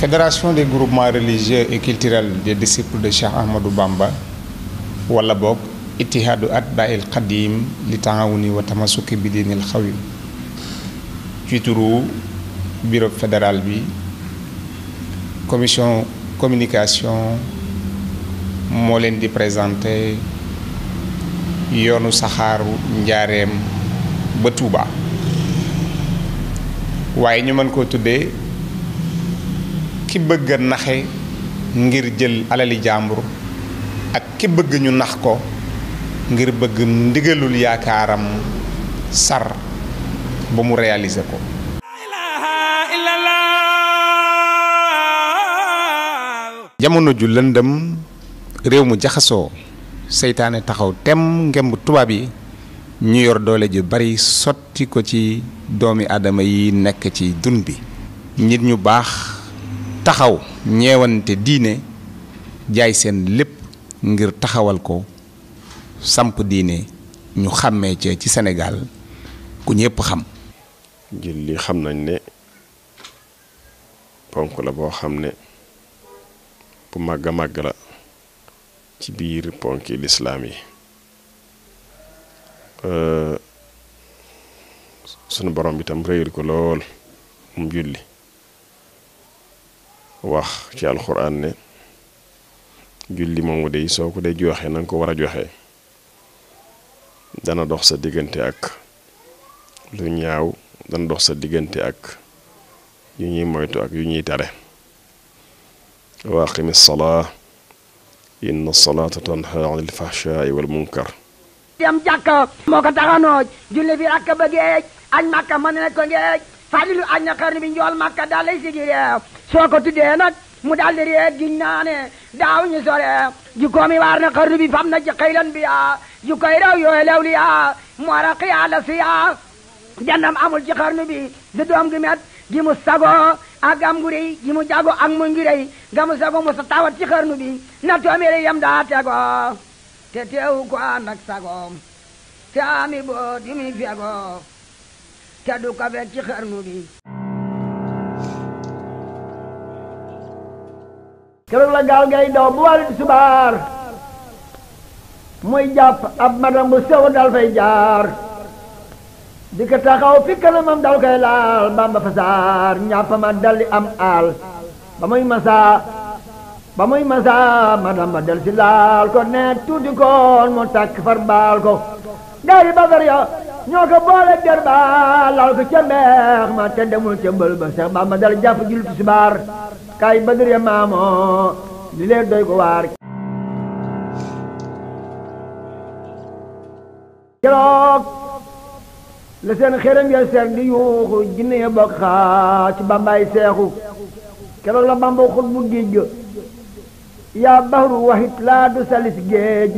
fédération des groupement religieux et culturels des disciples de Cheikh Ahmadou Bamba wala boog ittihaadu atbaa'il qadim li taawuni wa tamasuki bi diinil xawim ci turu bureau fédéral bi commission communication moo leen di présenté yoonu saxaaru njaareem ba Touba waaye ñu mën koo tuddee ki bëgg naxe ngir jël alali jàmbur ak ki bëgg ñu nax ko ngir bëgg ndigalul yaakaaram sar ba mu réaliser ko jamono ju lëndëm réew mu jaxasoo seytaane taxaw tem ngemb tubaab yi ñu yor doole ju bari sotti ko ci doomi aadama yi nekk ci dun bi nit ñu baax taxaw ñeewante diine jaay seen lépp ngir taxawal ko samp diine ñu xàmmee ci senegaal ku ñépp xam jël li xam nañ ne ponk la boo xam ne bu màgg a màgg la ci biir ponki lislaam yi euh, sunu borom itam réyal ko lool mu julli wax ci alxuraan ne julli moomu day soo ko dee joxe na nga ko war a joxe dana dox sa diggante ak lu ñaaw dana dox sa diggante ak yu ñuy moytu ak yu ñuy tare wa aqimi salaa inna salaata tanha anil fahshaai wal munkar dem jàkka moo ko taxanoo julli bi ak bëggeej añ màkka mën ne ko ngeej falilu aj na xarni bi njool makka daal lay sigi reew eh. soo mu daal di reet giñ naa ne waar na xarni bi fam na ji xaylan bi yaa eh. jikkoy reew yooyu lew yaa eh. mu war a la si yaa amul ci xarni bi di doom gi met gi mu sago ak am ngu gi mu jago ak mu ga mu sago mu sa tawat ci xarnu bi na toomere yam daa tego te teewu ko ànd sago te boot yu mi fego te du la gaal ngay daw bu wàllu subaar muy jàpp ab madam bu sew dal fay jaar di taxaw fi kanamam dal koy laal bamba fa ñàpp ma daldi am aal ba muy masaa ba muy masaa madam del si laal ko ne tuuti koon mu takk far baal ko gaari basar ya ñoo ko boole der ba lal ko ca ma te demul ca ba Seex Bamba dal jàpp julli tisbaar kaay Badr ya maamoo li leen doy ko keroog la seen xërëm ya seer di yuuxu jinne ya bokk xaa ci bambaay seexu keroog la bamba xut bu géej yaa baxru waxit laa du salis géej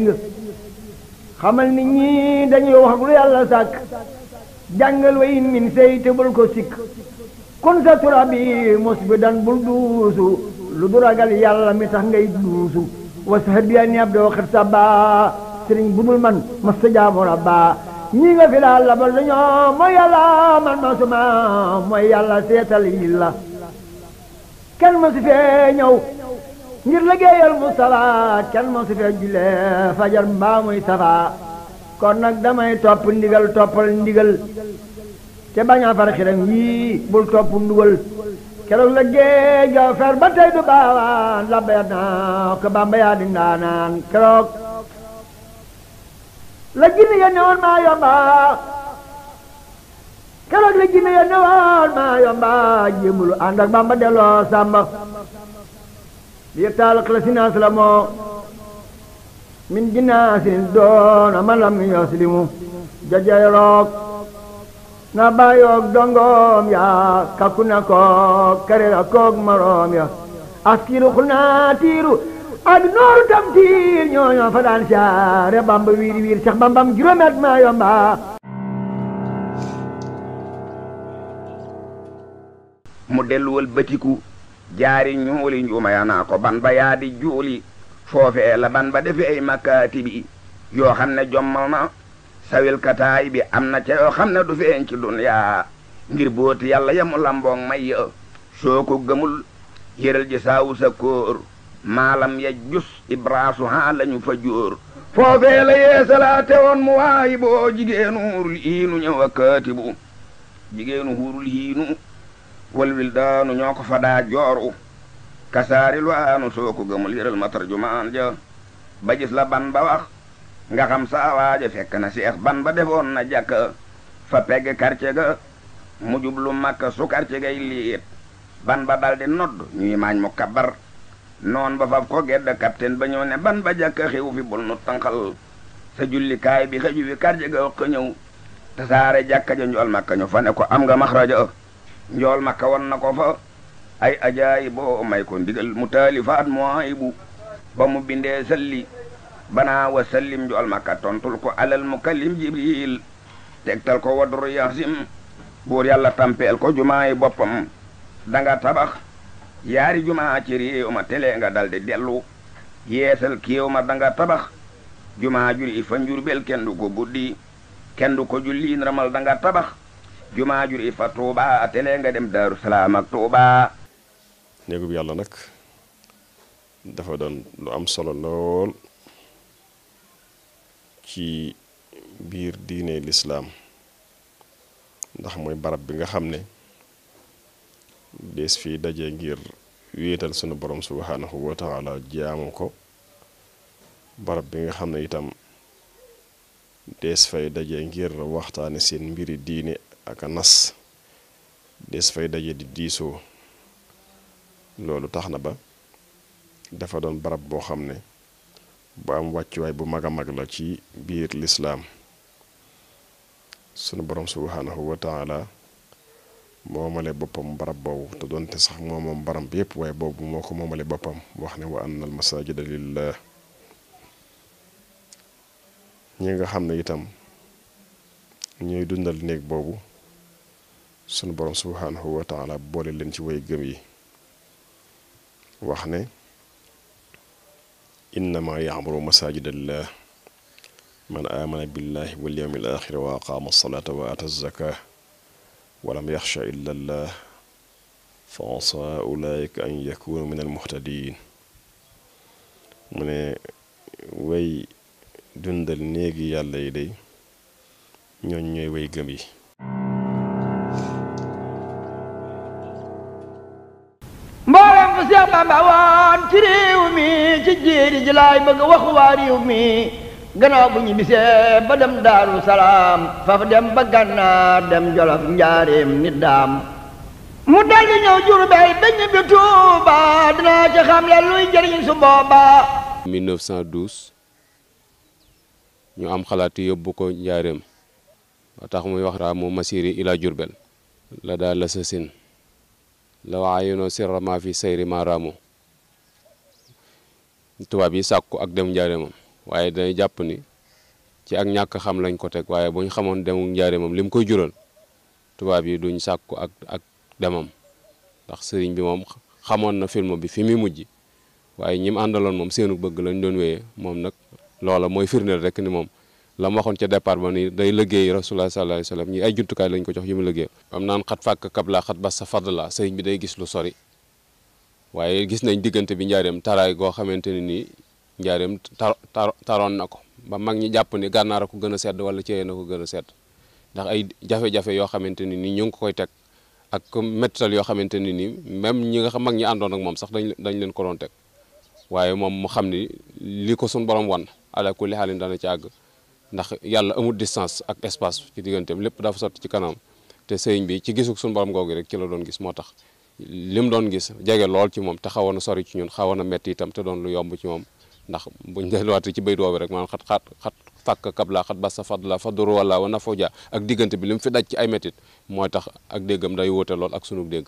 xamal ni ñi dañuy wax ak lu yàlla sàkk jàngal wa in min sey te bul ko sikk kon sa turabi mos bi dan bul duusu lu du ragal yàlla mi tax ngay duusu wasahabiani ab doo xat sa ba sëriñ bu dul man mas ta rabba ñi nga fi laa labal dañoo mooy yàlla man masuma mooy yàlla seetal yi la kenn masu fee ñëw ngir liggéeyal Mustafaa kenn mosu fee jullee fajar mbaa muy safaa kon nag damay topp ndigal toppal ndigal te bañ far xiram wii bul topp ndugal keroog la géej ga fer ba tey du baawaan labbayat naa ko Bàmba yaa di ndaanaan keroog la jinne ya newoon maa yomba keroog la jinne ya newoon maa yomba jéemulu ànd ak Bàmba delloo Sàmba ليتالق الذين أسلموا من جناس دون من لم يسلموا jajay roog na baayoog dongoom ya kakku na koog karera maroom ya askiiru xulna tiiru nooru tam tiir ñooñoo fa daan siyaare bamba wiir wiir sax bambam juróomi at maa yomba mu delluwal batiku jaari ñuuli njuuma ya naa ko ban ba yaa di juuli foofee ban ba defi ay makkaati bi yoo xam ne jommal na sawil kataay bi am na ca yoo ne du feeñ ci dunyaa ngir booti yàlla yamu lamboong may ya soo ko gëmul yëral ji saawu sa kóor maalam ya jus ibraasu haa lañu fa jóor foofee la yeesalaate woon mu waayi boo jigéenu huurul hiinu ñëw a kaati bu huurul hiinu wal wildaanu ñoo ko fa daa jooru kasaari lu aanu soo ko gëmul yëral matar jumaan ja ba gis la ban ba wax nga xam saa waaja fekk na seex ban ba defoon na jàkk fa pegg quartier ga mu jublu makka su quartier gay liit ban ba daldi nodd ñuy maañ mu kabar noon ba faf ko gedd capitaine ba ñëw ne ban ba jàkk xew fi bul nu tanqal sa jullikaay bi xëju wi quartier ga wax ko ñëw tasaare jàkka ja njool makka ñu fa ne ko am nga maxraja njool makka wan na ko fa ay ajaayi boo may ko ndigal mu taalifaat mu aybu ba mu bindee salli banaa wa sallim njool makka tontul ko alal mukallim jibril tegtal ko wadru yasim buur yàlla tampeel ko jumaayi boppam danga tabax yaari jumaa ci ma tele nga daldi dellu yeesal kéew ma danga tabax jumaa juri i fa njurbel kenn du ko buddi kenn du ko julliin ramal danga tabax jumaa ju ri fa Touba tele nga dem Daaru Salaam ak Touba. néegub yàlla nag dafa doon lu am solo lool ci biir diine lislaam ndax mooy barab bi nga xam ne dees fi daje ngir wéetal sunu borom subhaanahu wa taala jaamu ko barab bi nga xam ne itam dees fay daje ngir waxtaane seen mbiri diine aka nas des fay daje di diisoo loolu tax na ba dafa doon barab boo xam ne bu am wàccuwaay bu mag a mag la ci biir lislaam sunu boroom subhanahu wa moomale boppam barab boobu te doonte sax moom moom bi yépp waaye boobu moo ko moomale boppam wax ne wa anna al masajida lillah ñi nga xam ne itam ñooy dundal néeg boobu sunu borom subhaanahu wa boole leen ci way gëm yi wax ne innama yaamuru masajidallah man aamana billahi wal yawmil axiri wa aqaama alsalata wa ata zaka yaxsha illa llah fa asa an yakunu min almuhtadin mu ne way dundal néegi yàlla yi day way gëm Bamba waan ci réew mi ci jéeri ji laay bëgg wax waa mi gannaaw bu ñu bisee ba dem daaru faf dem ba gànnaar dem jolof njaareem nit mu dal di ñëw Jurbel ba ñibbi Tuuba dinaa ci xam la luy jëriñ su booba ñu am xalaat yóbbu ko njaareem ba tax muy wax raa mu masiri ila la daal la law ayunoo sirra ma fi sayri ma raamu tubaab yi sàkku ak dem njaareemam waaye dañuy jàpp ni ci ak ñàkk xam lañ ko teg waaye bu xamoon dem demu moom lim koy jural tubaab yi duñ sàkku ak ak demam ndax sëriñ bi moom xamoon na film bi fi muy mujj waaye ñi àndaloon moom seenu bëgg lañ doon wéyee moom nag loola mooy firndeel rek ni moom la ma waxoon ca départ ba ni day liggéey rasulullah sallallahu alayhi wasallam ñi ay jumtukaay lañ ko jox yu mu liggéey am naan xat fàkk kab laa xat bas sa fadd la sëriñ bi day gis lu sori waaye gis nañ diggante bi njaareem taraay goo xamante ne nii njaareem tar taroon na ko ba mag ñi jàpp ni gànnaar a ko gën a sedd wala ceeyee na ko gën a sedd ndax ay jafe-jafe yoo xamante ni nii ñu ngi ko koy teg ak méttal yoo xamante ni nii même ñi nga xam mag ñi àndoon ak moom sax dañ dañ leen ko doon teg waaye moom mu xam ni li ko suñ borom wan ala kulli xaalin dana ci àgg ndax yàlla amul distance ak espace ci digganteem lépp dafa sotti ci kanam te sëriñ bi ci gisuk suñu borom googu rek ci la doon gis moo tax lim doon gis jege lool ci moom te xawoon na sori ci ñun xawoon na metti itam te doon lu yomb ci moom ndax bu buñ delluwaatee ci bay woowu rek maanaam xat xat xat fàkk kabla xat basa fadla fadru wala wa nafoja ak diggante bi li mu fi daj ci ay mettit mooy tax ak déggam day wóote lool ak sunub dégg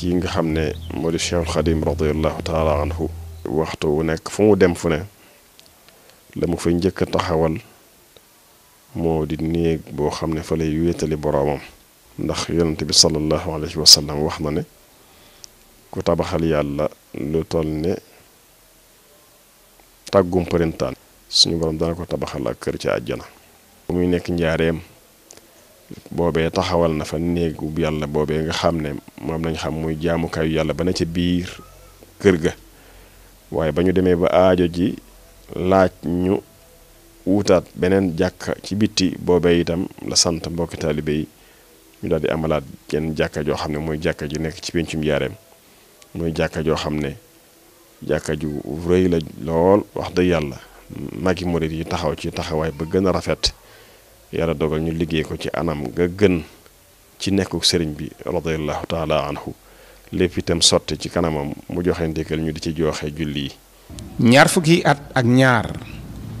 kii nga xam ne moo di Cheikhul Xadim radiallahu taala waxtu wu nekk fu mu dem fu ne la mu fa njëkk a taxawal moo di néeg boo xam ne fa lay wéetali boroomam ndax yonent bi sallallahu alayhi wa sallam wax na ne ku tabaxal yàlla lu toll ne tàggum përintaan suñu borom dana ko tabaxal ak kër ci àjjana bu muy nekk njaareem boobee taxawal na fa néegu yàlla boobee nga xam ne moom lañ xam muy jaamukaayu yàlla ba na ca biir kër ga waaye ba ñu demee ba aajo ji laaj ñu wutaat beneen jàkka ci bitti boobee itam la sant mbokki taalibe yi ñu daal di amalaat genn jàkka joo xam ne mooy jàkka ji nekk ci pencum jaareem muy jàkka joo xam ne jàkka ju rëy la lool wax dëgg yàlla magi murit yi taxaw ci taxawaay ba gën a rafet yàlla dogal ñu liggéey ko ci anam nga gën ci nekku sëriñ bi radiallahu taala anhu lépp itam sotti ci kanamam mu joxe ndékkal ñu di ci joxe julli yi ñaar fukki at ak ñaar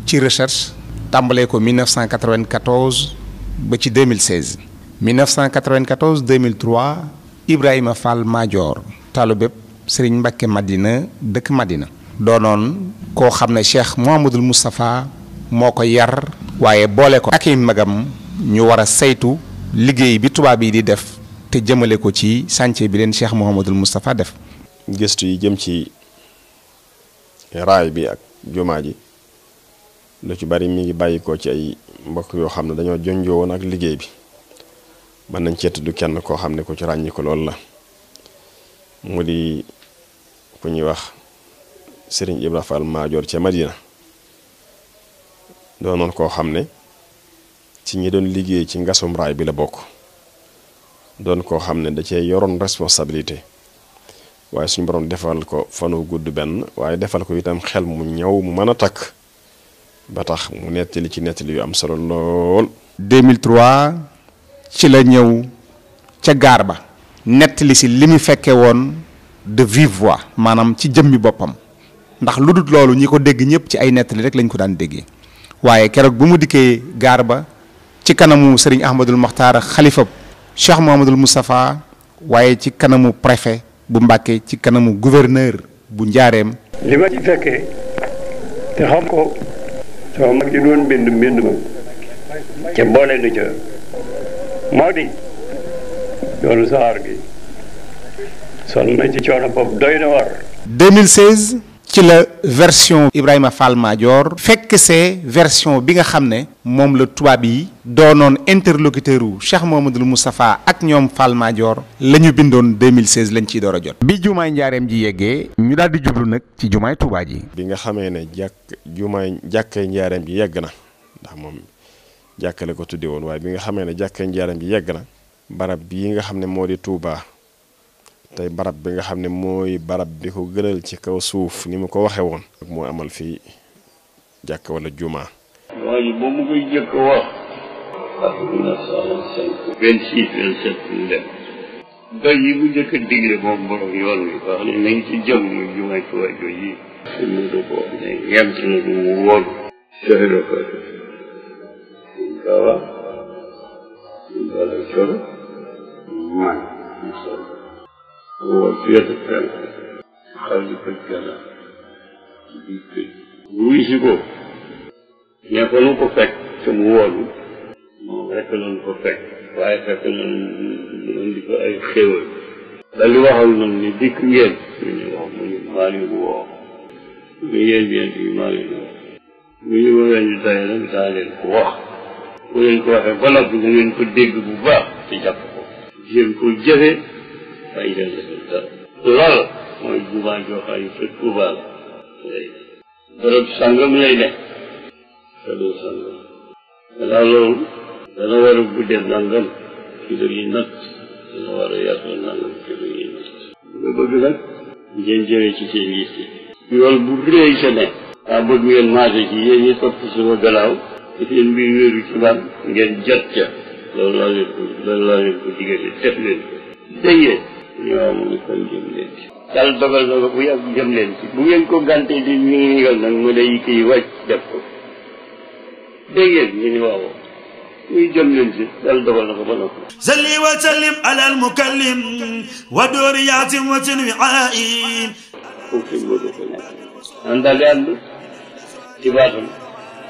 ci recherche tàmbalee ko 1994 ba ci 2016 1994 2003 Ibrahima Fall Madior taalubépp sëriñ Mbacke Madina dëkk Madina doonoon koo xam ne Cheikh Mouhamadoul Moustapha moo ko yar waaye boole ko ak i magam ñu war a saytu liggéey bi tubaab yi di def te jëmale ko ci chantier bi leen Cheikh Mouhamadul Moustapha def. gëstu yi jëm ci raay bi ak jumaa ji lu ci bari mi ngi bàyyi ci ay mbokk yoo xam ne dañoo jonjoo woon ak liggéey bi mën nañ cee tudd kenn koo xam ne ko ci ràññi ko loolu la mu di ku ñuy wax Serigne Ibra Fall Maajoor ca Madina. doonoon koo xam ne ci ñi doon liggéey ci ngasum raay bi la bokk doon koo xam ne da cee yoroon responsabilité waaye suñ borom defal ko fanu gudd benn waaye defal ko itam xel mu ñaw mu mën a takk ba tax mu nettali ci nettali yu am solo lool. 2003 ci la ñëw ca gaar ba. nettali si li mu fekke woon de vive voix. maanaam ci jëmmi boppam ndax lu dul loolu ñi ko dégg ñëpp ci ay nettali rek lañ ko daan déggee. waaye keroog bu mu dikkee gaar ba ci kanamu sëriñ ahmadul maxtaar xalifab cheikh mohamadul moustapha waaye ci kanamu préfet bu mbàkke ci kanamu gouverneur bu njaareem li ma ci fekkee te xam ko sama mag ji doon mbind mbind ma ca boole ca moo di yoonu ci coono bopp doy na war ci la version Ibrahima Fall Madior fekk see version bi nga xam ne moom la tubaab yi doonoon interlocuteur wu Cheikh Mouhamadoul Moustapha ak ñoom Fall Madior la ñu bindoon 2016 lañ ciy door a jot. bi jumaay njaareem ji yeggee ñu daal di jublu nag ci jumaay Touba ji. bi nga xamee ne jàkk jumaay jàkkee njaareem ji yegg na ndax moom jàkkale ko tuddee woon waaye bi nga xamee ne jàkkee njaareem ji yegg na barab yi nga xam ne moo di Touba. tey barab bi nga xam ne mooy barab bi ko gënal ci kaw suuf ni mu ko waxe woon ak moo amal fi jàkk wala jumaa wasiyetu kenn xale di tëj kenn di tëj wuy si ko ñee ko nu ko fekk te mu woolu moom rekk lañ ko fekk waaye fekk nañ indi ko ay xéewal dal di waxal nañ ni dikk ngeen ñu ne wax mu ñu maali bu woo ñu ngeen ngeen di maali bu woo mu ñu waxee ñu tey nag daa leen ko wax bu leen ko waxee ba noppi bu ngeen ko dégg bu baax te jàpp ko jéem ko jëfee fay mooy jubaa joo xam ne Tuubaa la sàngam lay ne te doo sàngam gannaaw loolu dana war a guddee kilo yi natt dana war a yaatoo nangam kilo yi natt nga bëgg nag ngeen jëlee ci yi yoon bu réy sa ne daa ngeen maase ci yéen topp sama gannaaw te seen mbir wéeru ci man ngeen jot ca loolu laa leen ko loolu laa leen ko ñoom ñu koy jëm leen ci yàlla dogal na bu yàgg jëm leen ci bu ngeen ko gànte di ñu ngi ndigal nag mu day kii wàcc def ko dégg ngeen ñu ni waawoo muy jëm leen ci yàlla dogal na ba noppi salli wa sallim ala al mukallim wa doori yaatim wa sin wi ain foofu suñ boobu ko nekk àndal yàlla ci baatam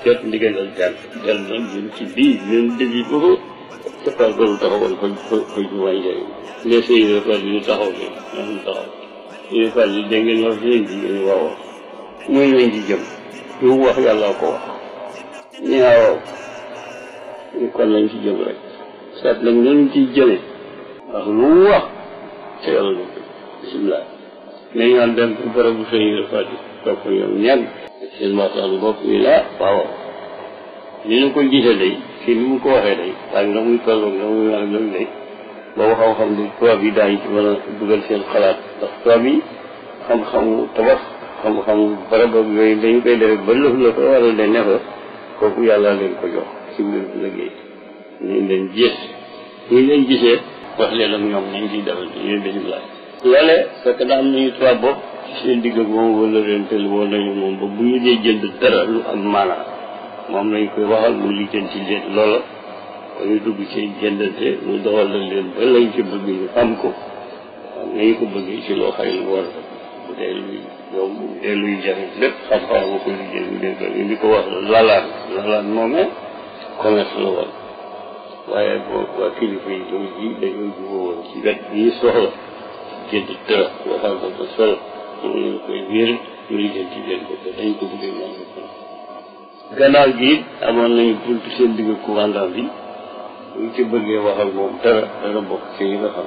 dal dal dal ci bii ñun dëgg boobu te tax taxawal fa fa fa jumaa njëriñ les unions par yi ñu taxaw de ñu taxaw wax leen ji ngeen lañ ci jëm wax yàlla ko wax ñu waaw kon lañ ci jëm rek saat nag ñun ci jëme wax lu wax te na ko bisimilah nañ naan dem ci barabu sa unions par yi topp yoon ñag seen mataan bopp yi la waaw ni ñu ko gisee day ci mu ko waxee waaye nag muy tolloog nag xam-xam bi tubaab yi ci mën a dugal seen xalaat ndax tubaab yi xam-xamu tabax xam-xamu barab ak yooyu dañu koy defee ba lëf la ko waral de ne fa kooku yàlla leen ko jox ci mbir liggéey ñu leen gis ñu leen gisee wax leen ñu bisimilah loolee fekk da am nañu tubaab bopp ci seen digg jënd dara lu am maanaa moom lañ koy waxal mu lijjanti leen loola ba dugg ci jëndante mu doxal na leen ba lañ ci bëgg ñu am ko waaw nañu ko bëggee ci loo xam ne war na bu dee luy yomb lépp xam-xam ko liggéey bu dee ñu di ko wax lalaan lalaan moomee commerce la woon waaye boo waa kilifa yi doo ji dañoo jubóo woon jënd tër waxal ko ba sol ko te dañ ko bëggee noonu gi it amoon nañu bunt seen digg commandant bi buñ ci bëggee wax ak moom dara bokk ci ñi nga xam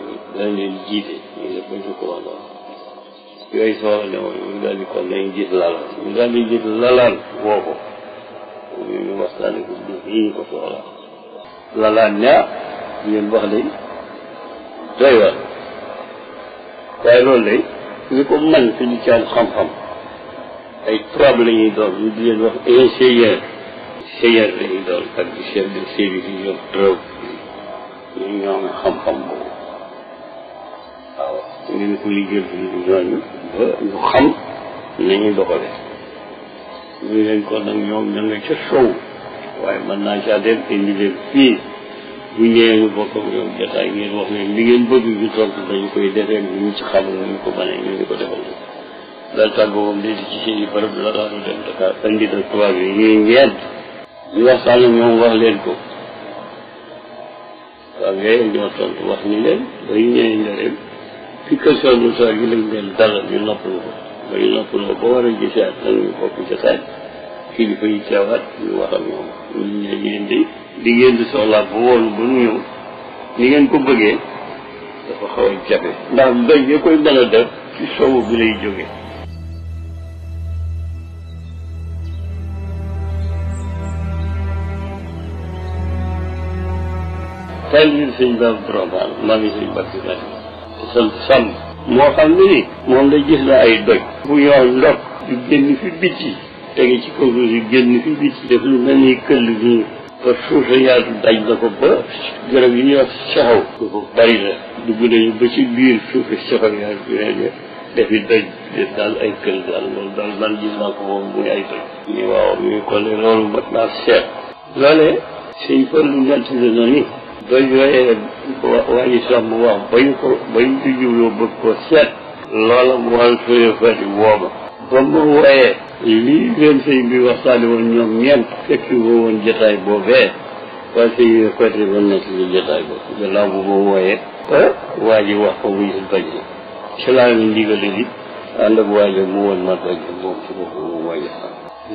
jiite ñu def bañ ko wax lool yooyu soxla ne woon ñu daal jiit lalaan ñu daal di jiit lalaan woo ko ñu ñu waxtaane lalaan ñaa ngeen wax day doy waar waaye loolu day ñu ko man suñu ci am xam-xam ay tubaab la ñuy doon ñu di leen wax séyar lañu doon ak di sedd séri di ñoom drëw ñu ñoom xam-xam boobu waaw ñu ko liggéey bi ñooñu ba ñu xam nañu ñoom ña waaye mën naa caa dem indi leen fii bu ñëwee ñu bokk ak ñoom jotaay ngeen wax leen li ngeen bëgg ñu tontu dañu koy defee lu ñu ci xamul ñu ko mënee ñu ngi ko defal daal tàggu moom léegi ci seen i barab la daanu dem Dakar indi na tubaab yi ñuy ñeent ñu waxtaan ak ñoom wax leen ko waaw yooyu ñoo tontu wax ni leen ba ñu ñëwee njëriñ ci kër Sëriñ gi lañ leen dalal ñu noppalu ko ba ñu noppalu ko ba war a gisaat nag ñu bokk jotaay kilifa yi teewaat ñu wax ñu ne yéen di di ngeen di soxlaa ba woolu ko bëggee dafa xaw a jafe ndax mbéy ya koy mën a ci sowu bi lay jógee tey jii sëñ Ba Dorobaal maa ngi sëñ Bakki sam sam moo xam ne moom la gis la ay doj. bu ñoo ndox yu génn fi bitti. tege ci ko suuf yu génn fi bitti. def lu mel ni këll bi ba suuf sa yaatu daj na ko ba yi ñuy wax saxaw. kooku bari la. dugg nañu si saxaw yaatu bi nga doj daal ay kël daal loolu daal man ko muy ay doj ñu waaw ñu kon loolu mat naa seet loole sëñ Fallu nett na ni doy yooyee nag waa ji sàmm wax bañ ko bañ ci jubloo bëgg ko seet loola mool fële fële wooma ba mu wooyee lii leen sëñ bi waxtaane woon ñoom ñeent fekki ko woon jotaay boobee waaye sëñ bi fële ba nekk li jotaay boobu gannaaw bu ma wooyee ah, waa ji wax ko muy bañ na ci laa ne ndigal li ànd ak waa ji mu woon ma bañ moom ci bopp mu wooyee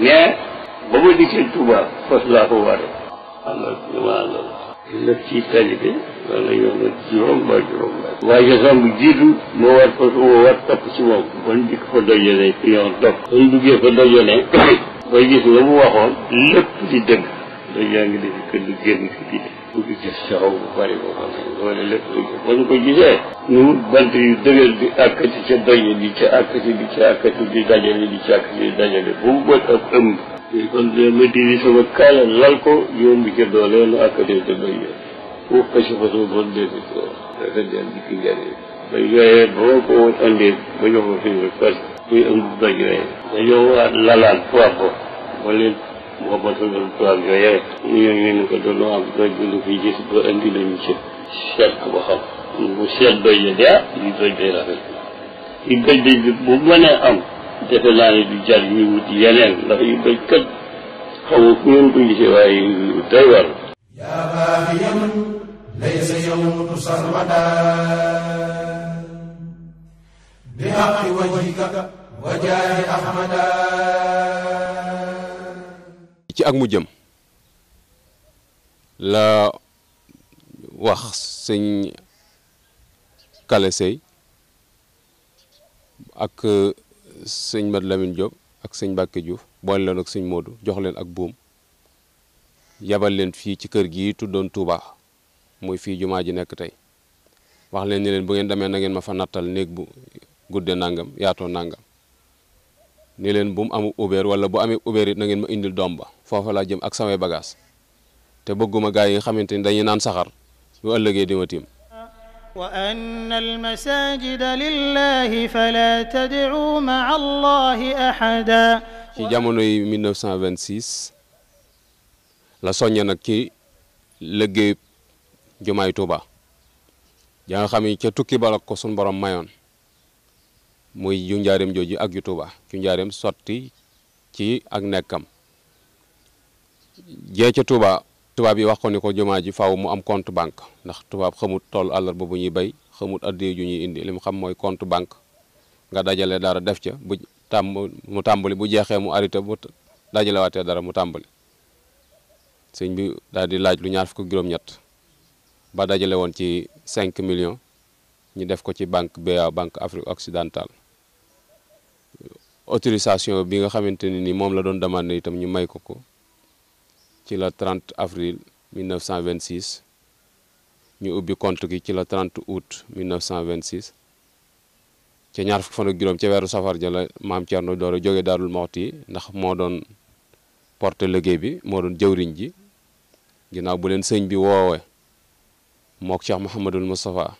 mais ba ma dikkee Tuubaa fas laa ko waree ànd ak li nag ci taalibe wala yoon na juróom ba juróom ba waaye gasam bu jiitu moo war ko moo war topp ci moom bon di ko fa dojale fi yoon dog kon duggee fa dojale bay gis la mu waxoon lépp di dëgg doj yaa ngi defi këll génn fi di bëgg gis coow bu bëri boobu nag loolu lépp lépp ba ñu ko gisee. ñu bant yu dëgër di àkkati ca doye di ca àkkati di ca àkkati di dajale di ca àkkati di dajale ba bët ak ëmb. kon de ma diri sama kaala lal ko yoon bi ca doole nu àkkati ca doye pour que si fasoo ko. dafa dem di ki njëriñ. ba yooyee ba ma ko woon ko fi rek parce que muy ëmb ba yooyee. dañoo lalaan poids ko. wala booba doon tubaab yooyee ñooñu ne ko doonoo am doj bi ba indi lañu ci seet ko ba xam bu seet doj la de ah li doj day rafet li doj day bi bu mënee am defe naa ne du jar ñu wut yeneen ndax yu doj kat xaw ma fu ngeen ko gisee waaye day war yaa baaxi yaman laysa yamutu sarmada bi xaqi wajhika wa jaahi ci ak mu jëm la wax sëñ Kale Sey ak euh, sëñ Mat Lamine Diop ak sëñ Mbacke Diouf boole leen ak sëñ Modou jox leen ak buum yabal leen fii ci kër gi tuddoon Touba muy fii jumaa ji nekk tey wax leen ni leen bu ngeen demee na ngeen ma fa nattal néeg bu gudde nangam yaatoo nangam ni leen bu mu amu Uber wala bu amee Uber it na ngeen ma indi doom ba foofa laa jëm ak samay bagage te bëgguma gaa yi nga xamante ni dañuy naan saxar bu ëllëgee di ma tiim wa anna almasajida lillahi fala tad'u ma'a allahi ahada ci jamono la soññe nag ci liggéey jumaay Tuuba yaa nga xam ne ca tukki bala ko suñ borom mayoon muy yu jooju ak ju Tuuba yu njaareem sotti ci ak nekkam jee ca Tuuba tubaab yi wax ko ni ko jumaa ji faaw mu am compte banque ndax tubaab xamut tool àllar boobu ñuy bay xamut addee ju ñuy indi li mu xam mooy compte banque nga dajale dara def ca bu tàmm mu tàmbali bu jeexee mu arrêté bu dajale waatee dara mu tàmbali sëñ bi daal di laaj lu ñaar fukk juróom-ñett ba dajale woon ci cinq millions ñu def ko ci banque BA banque Afrique occidentale autorisation bi nga xamante ne ni moom la doon demandé itam ñu may ko ko ci la 30 avril 1926 ñu ubbi compte gi ci la 30 août 1926 ca ñaar fukki fan ak juróom ca weeru safar ja la maam Thierno door a jóge Daarul Moxti ndax moo doon porte liggéey bi moo doon jëwriñ ji ginnaaw bu leen sëñ bi woowe mook Cheikh Mouhamadul Moustapha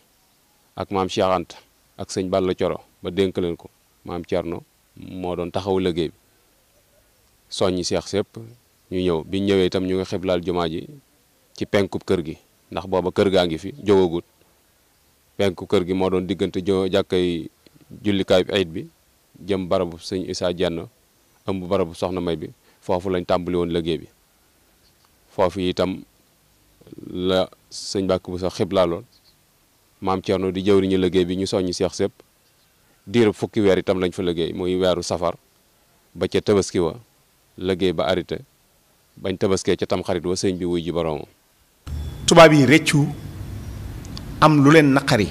ak maam Cheikh ak sëñ Balla Coro ba dénk leen ko maam Thierno moo doon taxawu liggéey bi soññi seex sépp ñu ñëw biñ ñëwee itam ñu ngi xiblaal jumaa ji ci penku kër gi ndax booba kër gaa ngi fi jógagut penku kër gi moo doon diggante jo jàkkay jullikaay bi ayit bi jëm barabu sëñ Jenn ëmb barabu soxna may bi foofu lañ tàmbali woon liggéey bi foofu itam la sëñ bàkk bu sax xiblaaloon maam Cerno di jëw jëwriñu liggéey bi ñu soññi seex sépp diiru fukki weer itam lañ fa liggéey muy weeru safar ba ca tabaski wa liggéey ba arité bañ tabaskee ca tamxarit wa sëñ bi wuy ji boroomam tubaab yi rëccu am lu leen naqari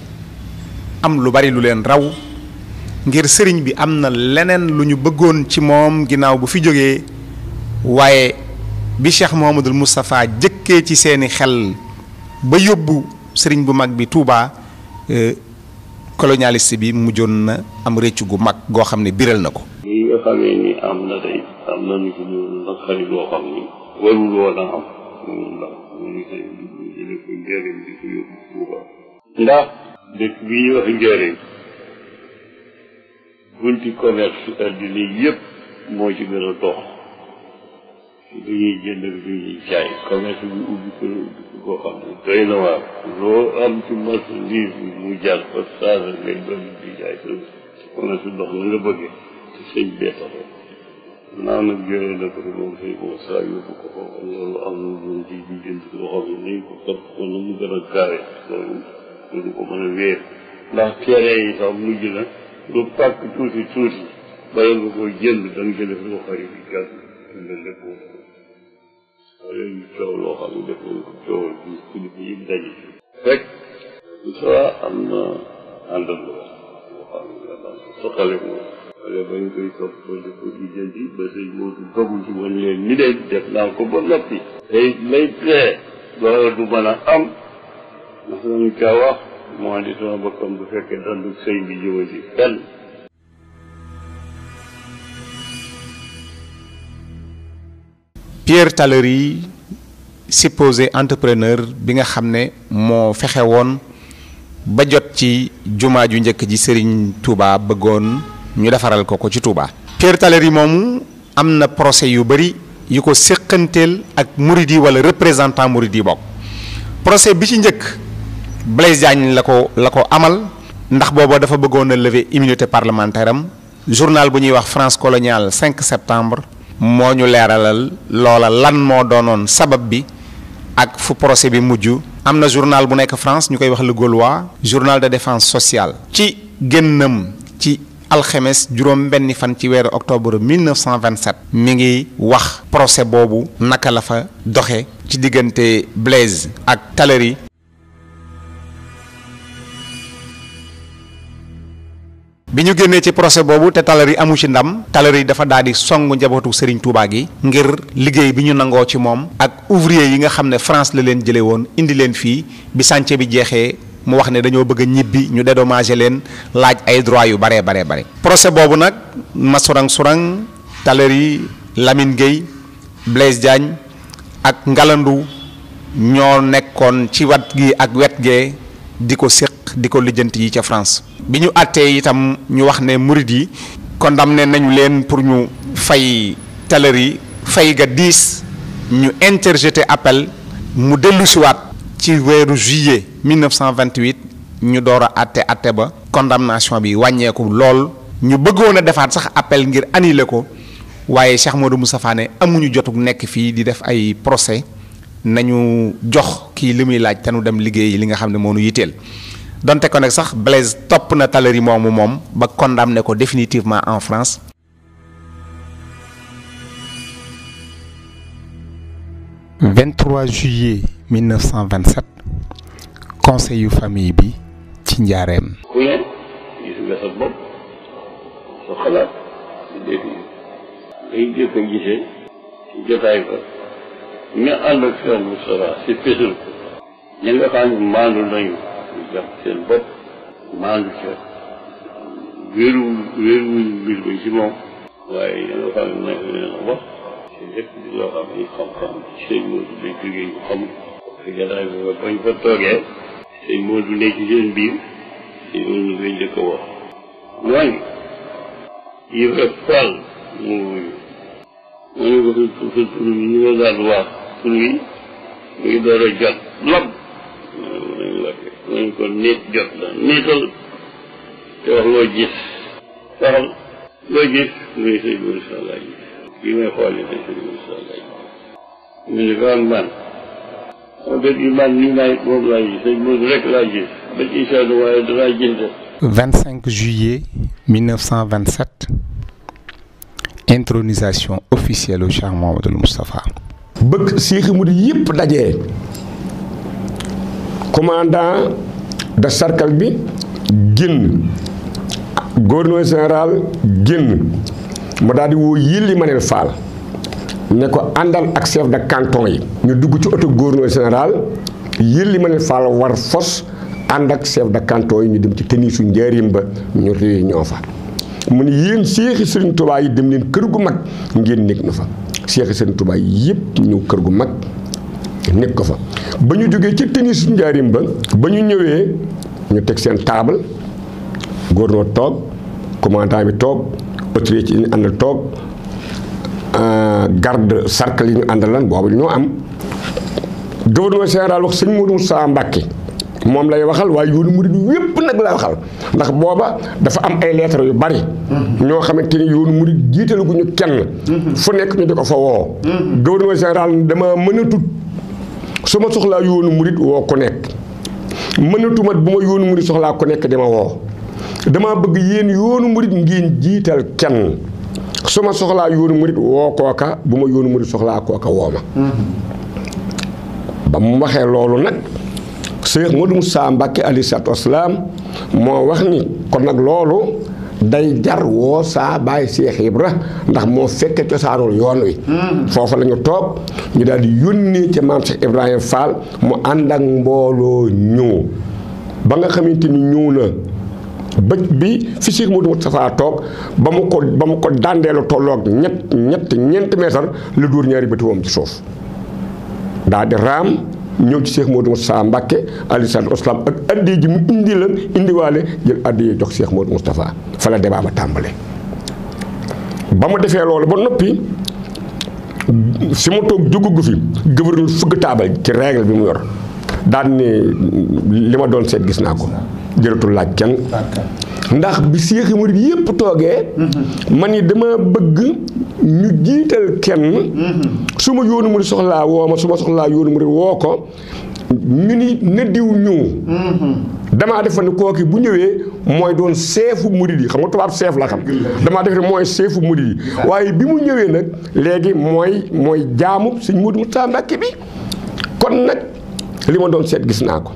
am lu bari lu leen raw ngir sëriñ bi am na leneen lu ñu bëggoon ci moom ginnaaw bu fi jógee waaye bi Cheikh Mouhamadul Moustapha jëkkee ci seeni xel ba yóbbu sëriñ bu mag bi tuubaa euh, colonialiste bi mujjoon na am rëcc gu mag goo xam ne biral na ko. lii nga xamee ni am na tey am na ñu ndax xarit loo xam ni warul woon am ndax dëkk bii ñuy wax njëriñ bunti commerce addina yëpp moo ci gën a dox. lu ñuy jënd ak lu ñuy jaay commerce ko ubbi ko koo na waar loo am ci marchandise bi mu jàll ba saasa ngay doon di jaay sa commerce bi dox na naa nag jooyee na ko moom sëñ ko saa ko na doon ci di ko nu a gaawee loolu duñu ko mën a wéer ndax terrain yi sax mujj na lu pàkk tuuti tuuti bala nga koo jënd da nga loo xari bi la ko loolu coow loo xam ne defoon ko coowal bi kilifa yi daje fekk bu soo am na àndandoo boo xam ne nga daan ko soxale moom wala bañ koy topp ba di ko lijjanti ba sëñ moodu dogu ci woon leen ni de def naa ko ba noppi tey lay tee loola du mën a am ndax nañu kaa wax moo di sama bokkam bu fekkee dandu sëñ bi jëwa si fenn Pierre Tallery supposé entrepreneur bi nga xam ne moo fexe woon ba jot ci jumaa ju njëkk ji Serigne Touba bëggoon ñu defaral ko ko ci Touba. Pierre Tallery moomu am na procès yu bari yu ko séqanteel ak murid yi wala représentant murid yi bokk procès bi ci njëkk Blaise la ko la ko amal ndax booba dafa bëggoon a lever immunité parlementaire am journal bu ñuy wax France coloniale 5 septembre. moo ñu leeralal loola lan moo doonoon sabab bi ak fu procès bi mujj am na journal bu nekk France ñu koy wax Le waa journal de defence sociale ci génnam ci alxemes juróom benni fan ci weeru octobre 1927 mi ngi wax procès boobu naka la fa doxe ci diggante Blaise ak Tallery bi ñu génnee ci procès boobu te Talla Ri amu ci ndam Talla Ri dafa daal di song njabootu seriñ Touba gi ngir liggéey bi ñu nangoo ci moom ak ouvrier yi nga xam ne France la leen jëlee woon indi leen fii bi sànce bi jeexee mu wax ne dañoo bëgg a ñibbi ñu dédommagé leen laaj ay droit yu baree baree bare procès boobu nag Massourang Sourang Talla Ri Lamine Gueye Blaise Diagne ak Ngalandu ñoo nekkoon ci wet gi ak wet gee di ko séq di ko lijjant yi ca France bi ñu àttee itam ñu wax ne murid yi condamné nañu leen pour ñu fay taler yi fay ga diis ñu interjeté appel mu dellusiwaat ci weeru juillet 1928 ñu door a àtte àtte ba condamnation bi wàññeeku lool ñu bëggoon a defaat sax appel ngir annulé ko waaye Cheikh Modou Moustapha ne amuñu jotug nekk fii di def ay procès nañu jox kii li muy laaj te nu dem liggéey li nga xam ne moo nu yitteel donte ko nag sax Blaise topp na Tallery moomu moom ba condamné ko définitivement en France. Mmh. juillet 1927 conseil yu famille bi ci njaareem. ñu ànd ak Cheikh Moustapha si pésul ko ñi nga xam ne maandu nañu jàpp seen bopp maandu ca wéeru wéeruwuñu mbir mi si moom waaye ne nag si lépp di loo xam ne xam-xam seen moodu lay jógee ñu xam gannaaw bi ba bañ fa ne ci seen biir seen moodu ngay njëkk a wax mooy yi fa fal moo wuyu mu ne ko suñ suñ ñu nga daan wax tur wi muy door a jot lob nañ ko nit jot la niital te wax loo gis waxal loo gis muy sëñ bu incha allah gis yi may xool ni dañ sëñ bu incha allah gis mu ne ko ak man bët yu man ni may moom laa gis sëñ bu rek laa gis bët incha allah waaye danaa jënd 25 juillet 1927 intronisation officielle au Cheikh Mouhamadoul Moustapha bëgg seexi murid yëpp daje commandant de cercle bi génn gouverneur général génn mu daal di yi Yelly Manel Fall ne ko àndal ak chef de canton yi ñu dugg ci oto gouverneur général Yelly Manel Fall war fos ànd ak chef de canton yi ñu dem ci tenue su njëriñ ba ñu réunion fa mu ne yéen seexi Sëriñ Tuubaa yi dem leen kër gu mag ngeen nekk na fa Cheikh Sëriñ Touba yëpp ñëw kër gu mag nekk ko fa ba ñu jógee ci tennis njaarim ba ba ñu ñëwee ñu teg seen table gouverneur toog commandant bi toog autorité yi ñu àndal toog euh, garde cercle yi ñu àndalan boobu ñoo am gouverneur général wax sëñ Modou Moussa Mbacke moom lay waxal waaye yoonu murid yépp nag la waxal ndax booba dafa am ay lettres yu bari mm-hmm. ñoo xamante ni yoonu murid jiitalu gu mm-hmm. fu nekk ñu di ko mm-hmm. dama mënatut su ma yoonu murid woo nekk mënatumat bu ma yoonu soxlaa ku nekk dama woo bëgg yéen yoonu murid ngeen jiital kenn su ma soxlaa yoonu murid woo kooka bu ma yoonu murid soxlaa kooka woo ma ba mu waxee loolu nag Cheikh Modou saa Mbacke aleyhi salaatu wasalaam moo wax ni kon nag loolu day jar woo saa bàyyi Cheikh Ibra ndax moo fekke cosaanul yoon wi hmm. foofa la ñu toog ñu daal di yónnee ci maam Cheikh Ibrahima Fall mu ànd ak mbooloo ñëw ba nga xamante ni ñëw na bëj bi fi Cheikh Modou Moustapha toog ba mu ko ba mu ko dàndeelu tolloog ñett ñett ñeenti meetar la dóor ñaari bëti ci suuf daa raam ñëw ci Cheikh Modou Moustapha Mbacke alayhi salaatu ak addi ji mu indi la indiwaale jël addi yi jox Cheikh Modou Moustapha fa la débat ba tàmbale ba mu defee loolu ba noppi si mu toog jugugu fi gouverneur fëgg taabal ci règle bi mu yor daan ni li ma doon seet gis naa ko jërëtul laaj kenn ndax bi séexi murid bi yëpp toogee man ni dama bëgg ñu jiital kenn su ma yoonu murid soxlaa woo ma su ma soxlaa yoonu murid woo ko ñu ni na diw ñëw damaa defa ne bu ñëwee mooy doon seefu murid yi xam nga tubaab seef la xam damaa defe mooy seefu murid yi waaye bi mu ñëwee nag léegi mooy mooy jaamu sëñ Modou Moustapha Mbacké bi kon nag li ma doon seet gis naa ko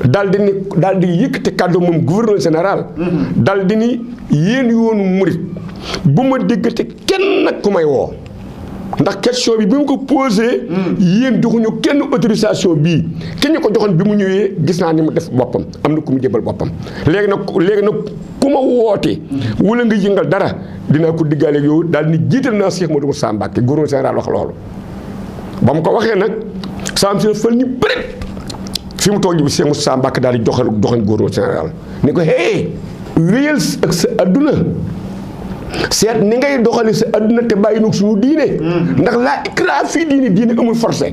dal di ni daal di yëkkati kàddu moom gouverneur général. Mm-hmm. dal di ni yéen yoonu murit bu ma déggati kenn nag ku may woo. ndax question bi bi mu ko posé. Mm. yéen joxuñu kenn autorisation bii kenn ñu ko joxoon bi mu ñëwee gis naa ni mu def boppam am na ku mu jébal boppam. léegi nag léegi nag ku ma woote. Mm-hmm. wala nga jëngal dara dinaa ko diggaale yow daal ni jiital naa Cheikh Modou Moussa Mbacké gouverneur général wax loolu. ba mu ko waxee nag saa si fan ñu bëri. fi mu toog bi Cheikh Moustapha Mbacké daal di joxal joxal góoró général ni ko hey wéyal ak sa adduna seet ni ngay doxali si àdduna te bàyyi nag suñu diine. Mm-hmm. ndax laa ikra fii diine diine amul forcé.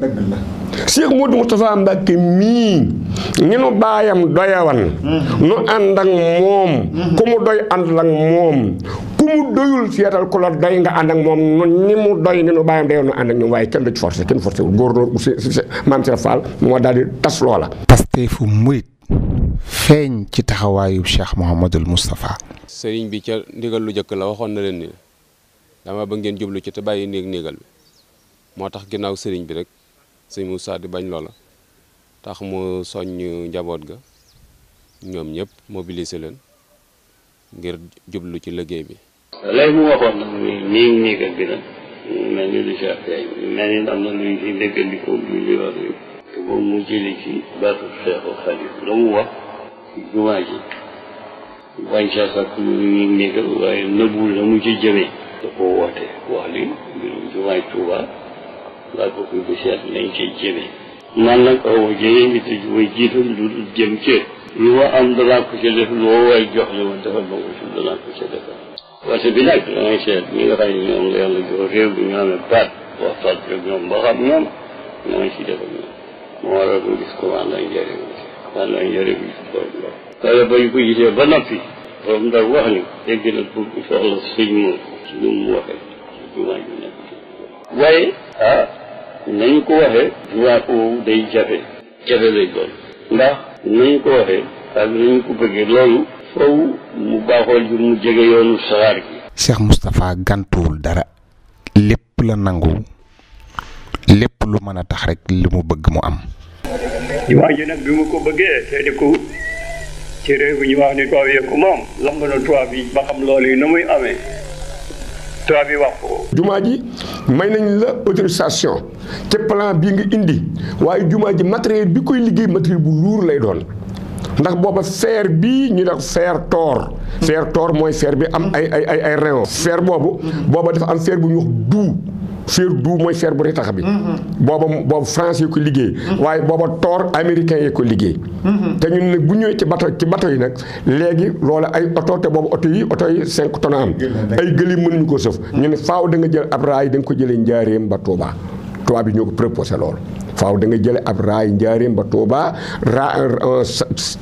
Cheikh Modou Moustapha Mbacke mii baayam doyawan mm-hmm. nu ànd ak moom mm-hmm. ku mu doy ànd ak moom ku mu doyul moom nun ni mu doy ni nu baayam doyawan waaye kenn du ci forcé kenn forcé wul góornóor u si maam Cheikh Fall moo daal di tas loola pasteefu murit feeñ ci taxawaayu Cheikh Mouhamadul Moustapha sëriñ bi ca ndigal lu jëkk la waxoon na leen ni dama ba ngeen jublu ci te bàyyi néeg néegal bi moo tax ginnaaw sëriñ bi rek sëñ Moussa di bañ loola tax mu soññ njaboot ga ñoom ñëpp mobiliser leen ngir jublu ci liggéey bi. lay mu waxoon nag ni néeg néegal bi nag mel ni lu ci affaire yi mel ni lu ñu ci bi ñu mu jëlee ci baatu Seexu Xaadim la mu wax ci jumaa wànca ak ñu nekk waaye nëbbu la mu ci jëmee da ko woote wax li mbirum Tuuba laa ko koy seet nañ ci jëmee man nag aw jëyee ngi te ma jiital lu jëm ci lu ma am danaa ko def lu ma waay jox li ma defal ma ko ci danaa ko bi nag da seet ñi nga xam ne ñoom la réew bi ñu amee baat waxtaan ak ñoom ba xam ñoom ñoo ci def ak ñoom moo waral mu gis ko maa ngi lay njëriñ maa ngi lay waaye ba ñu ko gisee ba noppi boobu ndaw wax ñu dégg na pour soxla sëñ moom lu mu waxee waaye ah nañ ko waxee jumaa boobu day jafe jafe lay doon ndax nañ ko waxee ak nañ ko bëggee loolu faw mu baaxool ju mu jege yoonu saxaar gi Cheikh Moustapha gàntuwul dara lépp la nangu lépp lu mën a tax rek li mu bëgg mu am jumaa ji bi mu ko bëggee te di ko ci réew bi ñu wax ni tubaab yëpp moom lamb na tubaab yi ba xam loolu yi na muy amee tubaab bi wax ko. jumaa ji may nañ la autorisation ca plan bii nga indi waaye jumaa ji matériel bi koy liggéey matériel bu luur lay doon. ndax booba fer bi ñu ne fer toor fer toor mooy fer bi am ay ay ay ay rayon fer boobu booba dafa am fer bu ñu wax duu fer du mooy fer bu retax bi mm-hmm. booba boobu France yi ko liggéey mm-hmm. waaye booba toor américain yi ko liggéey mm-hmm. te ñun nag bu ñëwee ci bato ci bato yi nag léegi loola ay oto te boobu oto yi oto yi cinq tonnes am ay gëli mënuñu ko sëf ñu ne faaw da nga jël ab raay da nga ko jëlee njaareem ba Touba Touba bi ñoo ko proposé loolu faaw da nga jële ab raay njaareem ba Touba ra euh,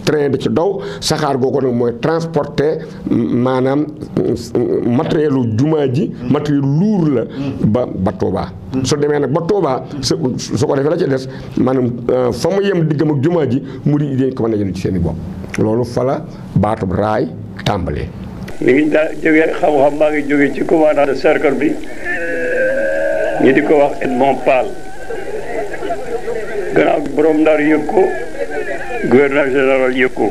train bi ci daw saxaar ko nag mooy transporter maanaam euh, matérielu jumaa ji matériel lourd la ba ba Touba su demee nag ba Touba su ko defee la ci des maanaam euh, fa mu yem diggam ak jumaa ji mu di idée ko mën a ci seen bopp loolu fala baatub raay tàmbalee mi ngi daa jógee xam-xam maa ngi jógee ci commandant de cercle bi ñu di ko wax Edmond Pal gannaaw bi borom ndar yëg ko gouverneur général yëg ko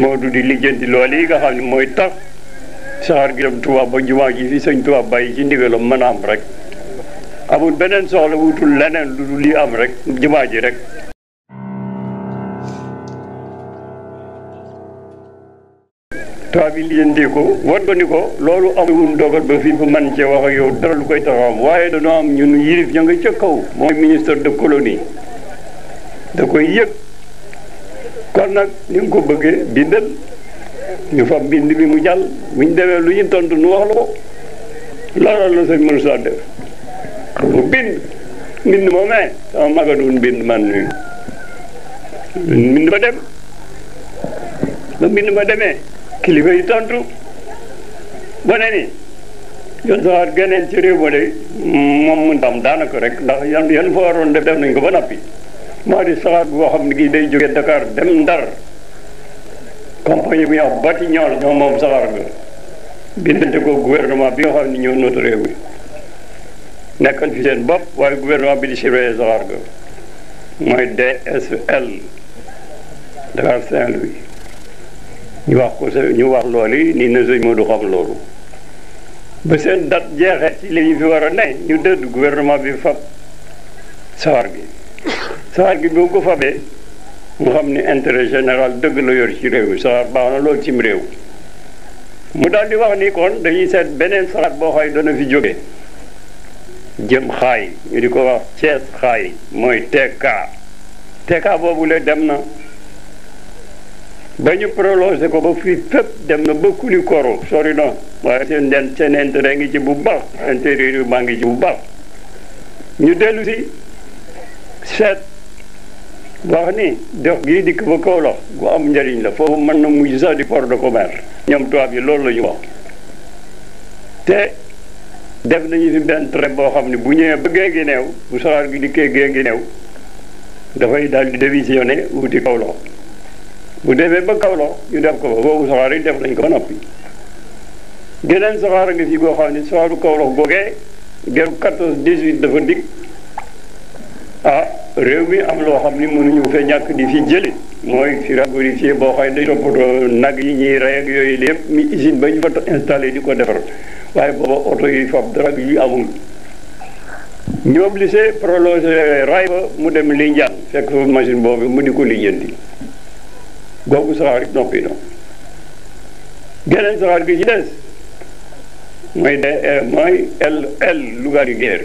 moo du di lijjanti loolu yi nga xam ne mooy tax saxaar gi dem Tuubaa ba jumaa ji fi sëñ Tuubaa bàyyi ci ndigalam mën a am rek amul beneen soxla wutul leneen lu dul lii am rek jumaa ji rek tubaab yi lijjantee ko wattandi ko loolu amul dogal ba fi mu mën cee wax ak yow dara lu koy taxawam waaye dañoo am ñun yirif ña nga ca kaw mooy ministre de colonie da koy yëg kon nag ni nga ko bëggee bindal ñu fam bind bi mu jàll bu ñu demee lu ñu tontu nu wax la ko loolu la sëñ mënu saa def mu bind mbind moomee eh, sama maga doon bind man mii mbind ma dem ba mbind ma demee kilifa yi tontu ba ne ni yoon saxaar geneen ci réew ma de moom mu tam daanaka rek ndax yan yan fa waroon def def nañ ko ba noppi maa di saxaar boo xam ne kii day jóge Dakar dem Ndar compagnie bi ñuy wax Batignolles la ñoom moom saxaar ga bindante ko gouvernement bi nga xam ne ñoo nootu réew mi nekkal fi seen bopp waaye gouvernement bi di surveiller saxaar ga mooy DSL Dakar Saint-Louis ñu wax ko ñu wax loolu nii na sëñ Modou xam loolu ba seen dat jeexee ci li ñu fi war a ne ñu dëdd gouvernement bi fab sawar gi sawar gi boo ko fabee mu xam ni intérêt général dëgg la yor ci réew mi sawar baax na loolu cim réew mu dal di wax ni kon dañuy seet beneen sawar boo xooy dana fi jóge jëm xaay ñu di ko wax Cees xay mooy TK TK boobu la dem na ba ñu prolongé ko ba fii fépp dem na ba kuli koro sori na waaye seen den seen intérêt ngi ci bu baax intérêt maa ngi ci bu baax ñu dellu si seet wax ni dox gii dikk ba kaw la gu am njëriñ la foofu mën na mujj sax di port de commerce ñoom tubaab yi loolu lañu ñu wax te def nañu fi benn trait boo xam ne bu ñëwee ba neew bu saxaar gi dikkee Guinguinéo dafay daal di dévisionné wuti kaw la bu demee ba Kaolack ñu def ko fa boobu saxaar yi def nañ ko ba noppi geneen saxaar a ngi fi goo xam ne saxaaru Kaolack googee geru 14 18 dafa dig ah, réew mi am loo xam ni mënuñu fee ñàkk di fi jëli mooy fi ragorifié boo xam ne day toppatoo nag yi ñuy rey ak yooyu lépp mi ba ñu fa installé di ko defar waaye booba oto yi fab dara yu amul ñu obligé prolongé raay ba mu dem Lindiane fekk fa machine boobu mu di ko lijjanti googu saxaar gi noppi doon geneen saxaar gi ci mooy de eh, mooy el el lugar yu géer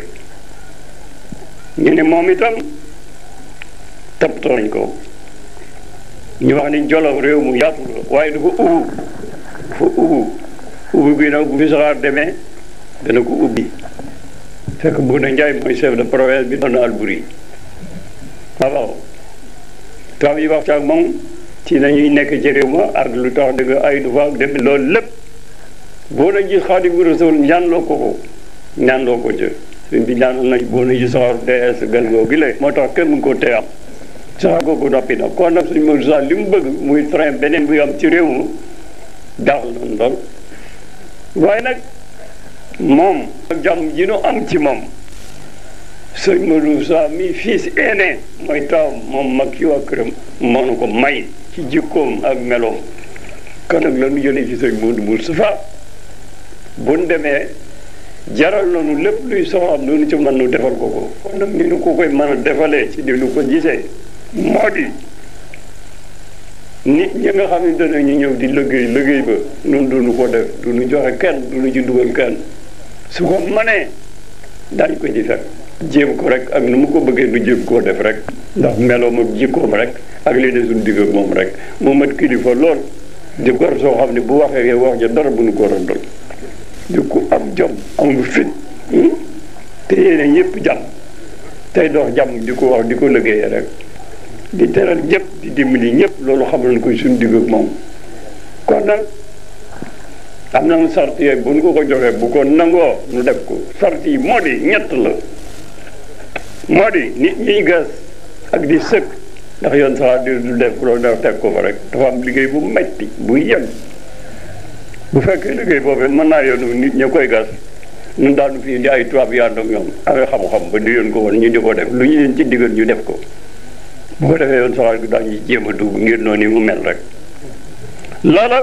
ñu ne moom itam toppatoo nañ ko ñu wax ni jolof réew mu yaatu la waaye du ko ubbu fa ubbu ubbu gi nag bu fi saxaar demee dana ko ubbi fekk bu na Njaay mooy chef de province bi doon na Albury waaw waaw tubaab yi waxtaan ci nañuy nekk ci réew ma ak lu tax dëgg ay du fa dem loolu lépp boo na gis Xaadimu Rasuul ñaanloo ko ko ñaanloo ko ci suñ bi ñaanal nañ boo na gis soxor ds googu noppi na kon nag suñ li mu bëgg muy train beneen bu am ci réew ma daaxal nañ lool moom ak ci moom sëñ Modou Sa mi fils aîné mooy taw moom mag ki waa këram moo nu ko may ci jikkoom ak meloom kon nag la ñu jëlee ci sëñ Modou Moustapha bu ñu demee jaral nañu lépp luy soxlaam lu ñu ci mën nu defal ko ko kon nag ni ñu ko koy mën a defalee ci ni ñu ko gisee moo di nit ñi xam xamante ne ñu ñëw di liggéey liggéey ba ñun duñu ko def duñu joxe kenn duñu ci dugal kenn su ko mënee dañ ko ci fekk jéem ko rek ak nu mu ko bëggee du jéem koo def rek ndax meloom ak jikkoom rek ak li de suñu digg moom rek mu mat kilifa lool di gor soo xam ne bu waxee yow wax ja dara bu nu ko rëndal di am jom amul fit hmm? te yéene ñëpp tey dox jàmm di ko di ko liggéeyee rek di teral jëpp di dimbali ñëpp loolu xam nañ ko suñu digg moom kon nag am na sart yooyu bu ñu ko ko joxee bu ko nangoo nu def ko sart yi moo di ñett la moo de nit ñiy gas ak di sëkk ndax yoon sax du def loolu dafa teg ko fa rek dafa am liggéey bu metti bu yem bu fekkee liggéey boobu mën naa yoonu nit ña koy gas ñun daanu fi di ay tubaab yu ànd ak ñoom amee xam-xam ba di yoon ko woon ñu di ko def lu ñu leen ci digal ñu def ko bu ko defee yoon saxaar gi daañu jéem a dugg ngir noonu mu mel rek loola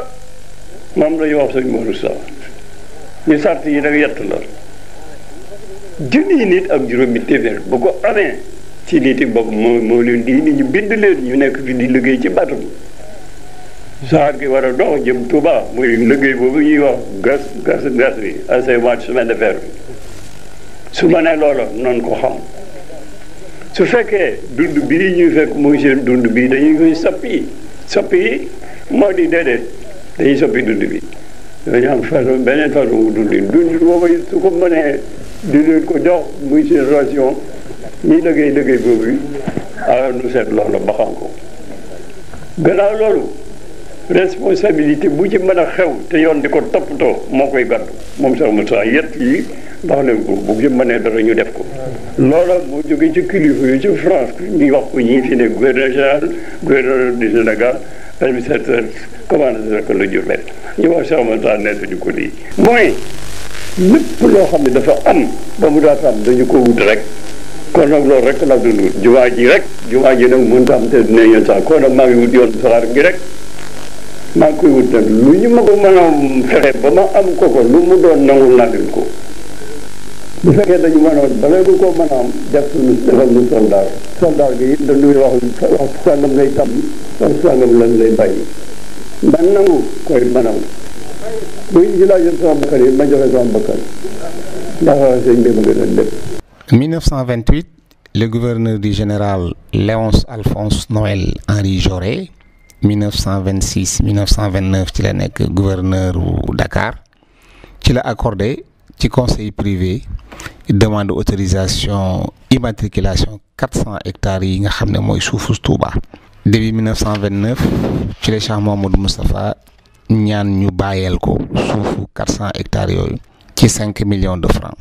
moom la ñu wax sëñ Mor Sow ñu sart yi nag yett la junniy nit ak juróomi téeméer bu ko amee ci nit boobu moo moo leen di ni ñu bind leen ñu nekk fi di liggéey ci bato bi saxaar gi war a dox jëm Touba muy liggéey boobu ñuy wax gas gas gas bi assainissement chemin de fer bi su ma looloo loola ko xam su fekkee dund bi ñuy fekk muy seen dund bii dañuy koy soppi soppi yi moo di déedéet dañuy soppi dund bi dañu am su ko mënee di leen ko jox muy seen ration ñi liggéey liggéey boobu alors nu seet loolu ba xam ko gannaaw loolu responsabilité bu ci mën a xew te yoon di ko toppatoo moo koy gàddu moom sax mu sax yett yi bax nañ ko bu ci mënee dara ñu def ko loola moo jóge ci kilifa yi ci France ñu wax ko ñii fi ne gouverneur général gouverneur du Sénégal administrateur commandant la Diourbel ñu wax sax mu sax nekk di ko lii mooy lépp loo xam ne dafa am ba mu daa am ko wut rek kon nag loolu rek la doon wut jumaa ji rek jumaa ji nag mënut a am te dina yoon sax kon nag maa ngi wut yoon saxaar gi rek maa ngi koy lu ñu ma ko mën fexe ba ma am ko ko lu mu doon nangul naa leen ko bu fekkee dañu mënoon bala du ko mën a am def suñu defal ñu soldaar soldaar gi it dañuy wax wax sangam lay tam wax sangam lan lay bàyyi man nangu koy mën muy ñu laaj sama bakkan yi ma joxe sama bakkan ndax sëñ bi ma gënal lépp. 1928 le gouverneur du général Léonce Alphonse Noël Henri Jaurès ci la nekk gouverneur wu Dakar ci la accordé ci conseil privé demande autorisation immatriculation 400 hectares yi nga xam ne mooy suufu Touba. début 1929 ci la Cheikh Mamadou ñaan ñu bàyyeel ko suufu hectares yooyu ci 5 millions de francs.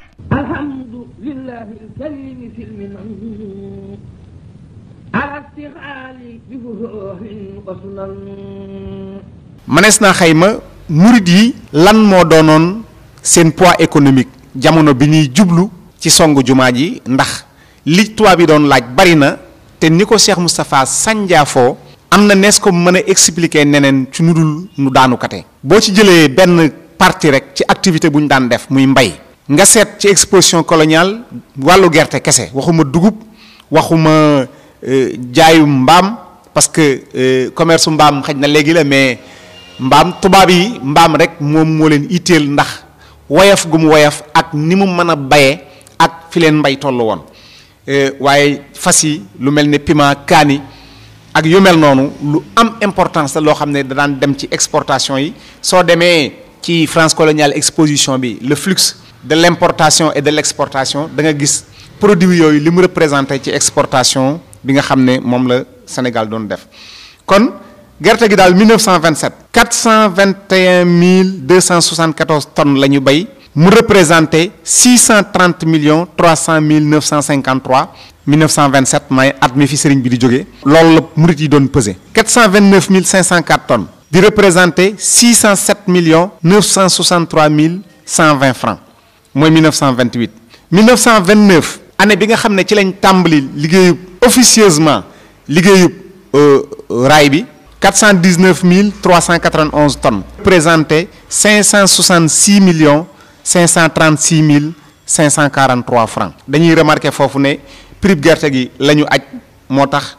mënees na xayma murit yi lan moo doonoon seen poids économique jamono bi ñuy jublu ci songu jumaa ji ndax li tubaab yi doon laaj bari na te ni ko Cheikh Moustapha Sanjaafoo am na nees ko mën a expliquer neneen ci nu dul nu daanu kate boo ci jëlee benn parti rek ci activité bu ñu daan def muy mbay nga seet ci exposition coloniale wàllu gerte kese waxuma dugub waxuma euh, jaayum mbaam parce que euh, commerce mbaam xaj na léegi la mais mbaam tubaab yi mbaam rek moom moo leen itteel ndax woyaf gu mu woyaf ak ni mu mën a baye ak fi leen mbay tollu woon euh, waaye fas yi lu mel ne piment kaani ak yu noonu lu am importance la loo xam ne danaan dem ci exportation yi soo demee ci France coloniale exposition bi le flux de l' importation et de l' exportation da nga gis produit yooyu li mu représenté ci exportation bi nga xam ne moom la Sénégal doon def kon gerte gi daal 1927 421 274 tonnes la ñu béy mu représenté million millions 300 mille 953 1927 mooy at mi fi sëriñ bi di jógee. loolu la murit yi doon pesé. 429 504 tonnes. di représenté million millions 963 mille 120 francs mooy 1928. 1929 année bi nga xam ne ci lañ tàmbali liggéeyub officieusement liggéeyub euh, raay bi. 419 mille 391 tonnes. représenté 566 millions 536 mille 543 francs. dañuy remarqué foofu ne. prix gerte gi lañu ñu aj moo tax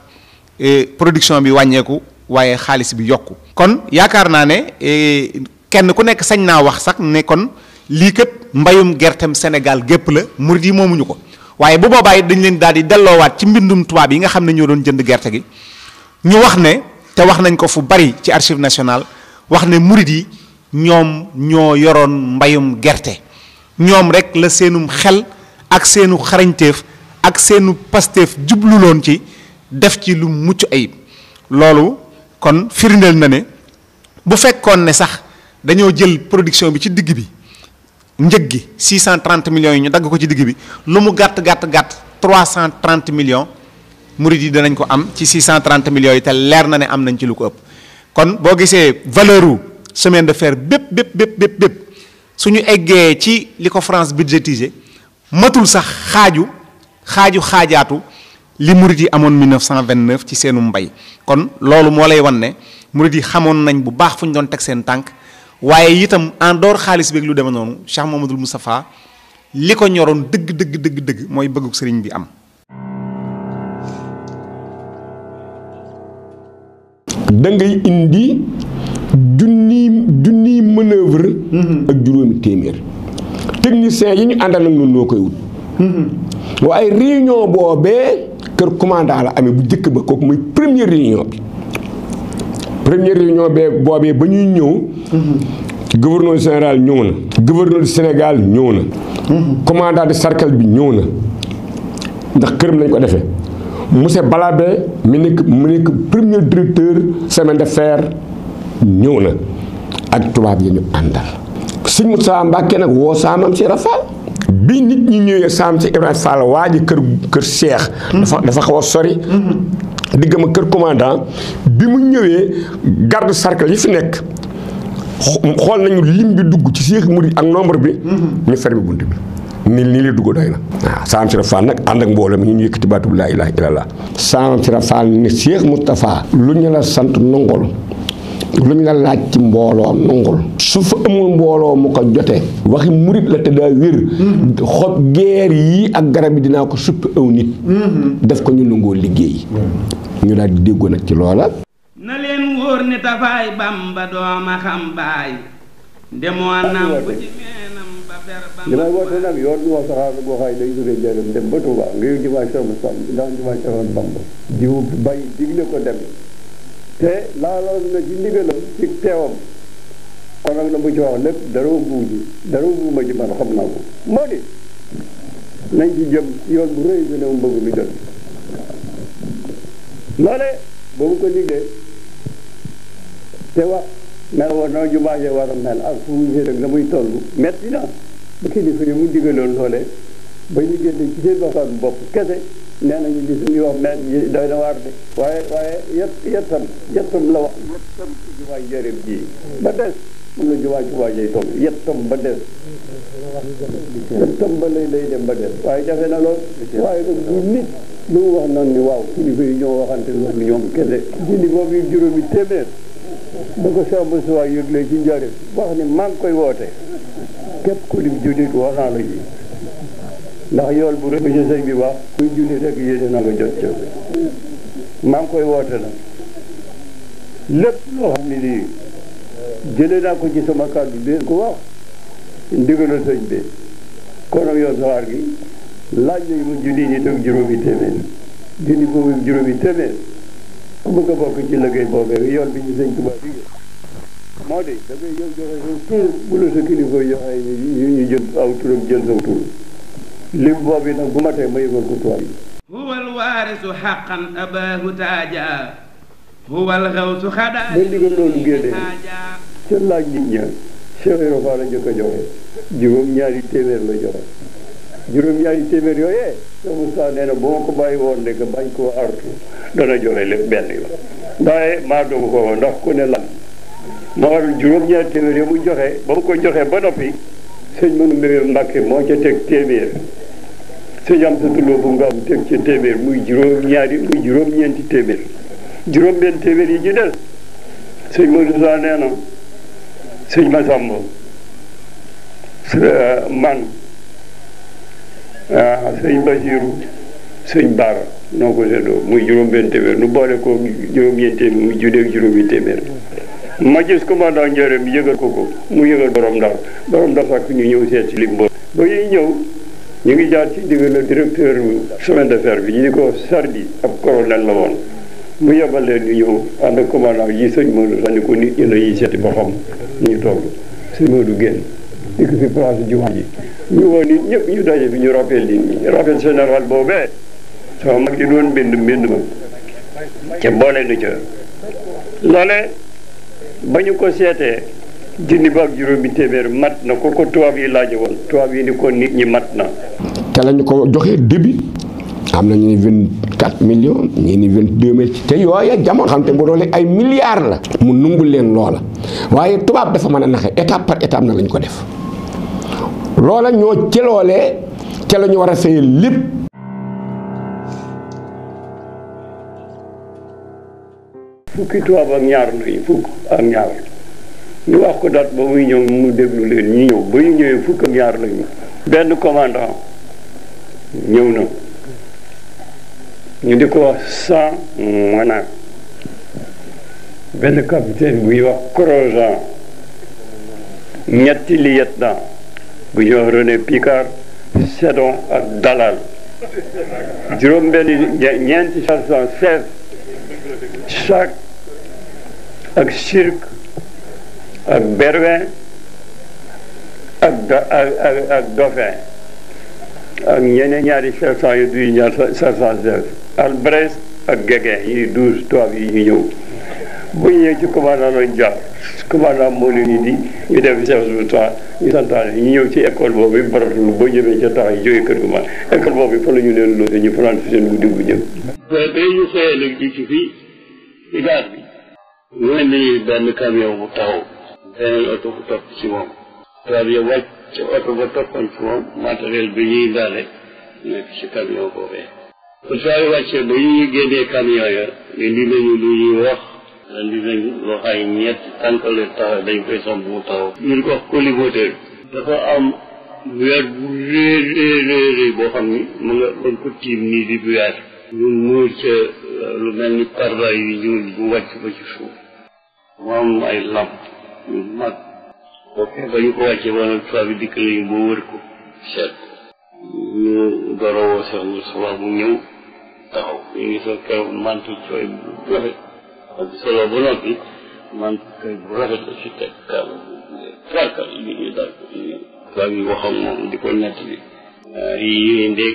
eh, production bi wàññeeku waaye xaalis bi yokku kon yaakaar naa ne eh, kenn ku nekk sañ naa wax sax ne kon lii kat mbayum gertem Sénégal gépp la murid yi moomuñu ko waaye bu boobaa it dañ leen daal di delloowaat ci mbindum tubaab yi nga xam ne ñoo doon jënd gerte gi ñu wax ne te wax nañ ko fu bari ci archive nationale wax ne murit yi ñoom ñoo yoroon mbayum gerte ñoom rek la seenum xel ak seenu xarañteef ak seenu pasteef jubluloon ci def ci lu mucc ayib loolu kon firndeel na ne bu fekkoon ne sax dañoo jël production bi ci digg bi njëg gi 630 millions yi ñu dagg ko ci digg bi lu mu gàtt gàtt gàtt cent 330 million murid yi danañ ko am ci 630 millions yi te leer na ne am nañ ci lu ko ëpp kon boo gisee valeur wu semaine de fer bépp bépp bépp bépp bépp su ñu eggee ci li ko France budgétisé matul sax xaaju xaaju xaajaatu li murit yi amoon 1929 ci seenu mbay kon loolu moo lay wan ne murit yi xamoon nañ bu baax fu ñu doon teg seen tànk waaye itam en dehors xaalis beeg lu demee noonu Cheikh Mamadou Moustapha li ko ñoroon dëgg dëgg dëgg dëgg mooy bëggug sëriñ bi am. da ngay indi junniy junniy manœuvre. Mhm. ak juróomi téeméer. technicien yi ñu àndal ak ñun ñoo koy wut. waaye réunion boobee kër commandant la amee bu njëkk ba kooku muy première réunion bi première réunion bee boobee ba ñuy ñëw. gouverneur général ñëw na. gouverneur du Sénégal ñëw na. commandant de cercle bi ñëw na ndax këram lañ ko defee monsieur Balabé mi nekk mu nekk premier directeur semaine de fer ñëw na ak tubaab yi ñu àndal. sëñ Moussa Mbacke nag woo saamam si Rafaal. bi nit ñi ñëwee saam ci Ibrahima waa ji kër kër Cheikh. Mm-hmm. dafa xaw a sori. Mm-hmm. diggam ak kër commandant bi mu ñëwee garde cercle yi fi nekk xool nañu lim bi dugg ci Cheikh Mouride ak nombre bi. Mm-hmm. ñu fermé bunt nii la dugg doy na. waaw Saam Sira Fall nag ànd ak mbooloo mi ñu yëkkati baatu laa ilaaha illallaah. Saam Sira Fall ni Cheikh Moustapha. lu ñu la sant nongol. lu ñu laaj ci mbooloo nangul su fa amul mbooloo mu ko jotee waxi murit la te daa wér xob geer yi ak garab yi dinaa ko suppi aw nit def ko ñu nangoo liggéey ñu daal di déggoo ci loola na leen wóor ni tafaay bamba dooma xam baay demoo nag yoon moo saxaar boo xaay day jógee njëriñ dem ba Tuubaa nga yow jumaa Seex Bamba ndax jumaa ko dem te laaloon na ci ndigalam ci teewam kon nag la mu ci wax lépp dara wu ji dara wu ma ji man xam naa ko moo di nañ ci jëm yoon bu rëy bi ne mu bëgg mu jël loole ba mu ko liggéey te na ju baax war a mel ak fu mu jëlee la muy ba kilifa yi mu digaloon loole ba ñu ci seen bopp kese nee nañu li suñu wax mel ni doy na waar de waaye waaye yëpp yëttam yëttam la wax yëttam ci jumaa njëriñ ji ba des moom la jumaa jumaa jay toll yëttam ba des yëttam ba lay lay dem ba des waaye jafe na lool waaye nag bu nit lu wax noonu ni waaw kilifa yi ñoo waxante loolu ñoom kese jindi boobu yu juróomi téeméer da ko samba suwaa yëgle ci njëriñ wax ni maa ngi koy woote képp ku lim julit wax naa la ji ndax yool bu rëy ci sëñ bi wax kuy julli rek yéene na jot ca maa ngi koy woote nag lépp loo xam ne nii ko ci sama kàddu leen ko wax ndigalal sëñ bi kon ak yoon sawaar gi laaj nañu ma junni nit ak juróomi téeméer junni boobu juróomi téeméer ku bëgg a bokk ci liggéey boobee bi ñu sëñ Tuubaa bi moo di da ngay yow joxe sa tur bu la sa kilifa joxe ñu jël aw turam jël lim boobu nag bu matee ma yëgal ko tubaab yi huwa alwaarisu xaqan abaahu taaja huwa alxawsu xadaa ba ndigal loolu génnee ca laaj nit ña Cheikh Ibra Fall joxe juróom na boo ko bàyyi woon de nga bañ koo artu dana joxe lépp benn maa dogu ko ndax ku ne lan moo ba mu ko joxee ba noppi sëñ Manu Mbéréer Mbàkke moo ca teg téeméer sëñ Amsatu Lo bu nga am teg ci téeméer muy juróom-ñaari muy juróom-ñeenti téeméer juróom-benn téeméer yi ci des sëñ Modou Sa nee na sëñ Masamba euh, man ah sëñ Basiru sëñ Baara noo ko seddoo muy juróom-benn téeméer nu boole ko juróom-ñeenti téeméer muy judeeg juróomi téeméer ma gis ko ma daa yëgal ko ko mu yëgal borom daal borom daal sax ñu ñëw seet ci lim ba ñuy ñëw ñu ngi jaar ci diggante directeur chemin de fer bi ñu di ko sardi ab colonel la mu yebal leen ñu ñëw ànd ak commandant yi sëñ Modou sax ni ko nit ñi dañuy seeti ba xam ñu toog sëñ Modou génn di ko fi place jumaa ji ñu woo ñu daje bi ñu rappel nit ñi rappel général boobee sama mag di doon ma ca boole ba ñu ko seetee junni ba ak juróomi téeméer mat na ko ko tubaab yi laaje woon tubaab yi ni ko nit ñi mat na. te lañu ko joxee début am na ñu ni 24 millions ñu ni 22 mille te yooya jamono xam te bu doole ay milliards la. mu nungu leen loola waaye tubaab dafa mën a naxe étape par étape na lañ ko def loola ñoo ci loolee te la war a fay lépp. fukki tubaab ak ñaar lay fukk ak ñaar ñu wax ko dat ba muy ñëw mu déglu leen ñu ñëw ba ñu ñëwee fukk ak ñaar lañu benn commandant ñëw na ñu di ko wax cent mana benn capitaine buy wax Crozant ñetti lieutenant bu ñuy wax René Picard Sedon ak Dalal juróom benn ñeenti sergent chef ak sirk ak berwe ak ak ak dofin ak ñeneen ñaari sergent yu duy ñaar sergent chef Albrecht ak Guéguin yi douze tubaab yi ñu ñëw bu ñu ñëw ci commandant lañ jàpp commandant moo leen indi ñu def service bu temps ñu santaane ci école boobu baratul boo ñëwee ca temps yi kër gu ma école boobu fa la ñu leen loose ñu fanaan fi seen guddi bu ñëw. mel ni benn camion bu taxaw beneen oto bu moom tubaab yi wàcc ci oto moom matériel bi ñuy daale nekk ci camion boobee bu tubaab yi wàccee ba ñuy génnee camion ya indi nañu lu ñuy wax indi nañu loo xay ñett tànkale taxaw dañ koy somb mu taxaw ñu ko wax colimoteur dafa am weer bu réer réer boo xam ni mu nga doon ko tiim nii di bu weer ñu muur ca euh, lu mel ni parba yu ñuul bu ba ci suuf moom ay lamp yu mag kooku ba ñu ko wàccee woon tubaab bi dikk nañu boo wër ko seet ñu door woo Seex Mustafaa mu ñëw taxaw ñu ngi soo keroog mantu cooy bu rafet ak solo bu noppi mantu cooy bu rafet la ci teg kàlla bu farkal moom di ko nett bi yi ñuy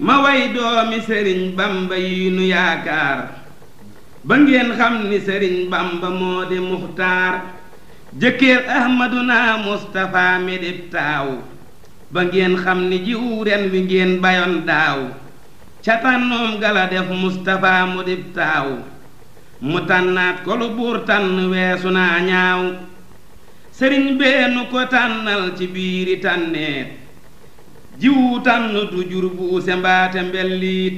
ma way doomi sëriñ bamba yi nu yaakaar ba ngeen xam ni sëriñ bamba moo di muxtaar jëkkër ahmaduna mustapha mi dib ba ngeen xam ni jiwu ren wi ngeen bayoon daaw ca tànnoom gala def mustapha mu mu tànnaat kolo lu buur tànn weesu naa ñaaw sëriñ bee nu ko tànnal ci biiri tànneet jiwu tànn du jur buuse mbaate mbelliit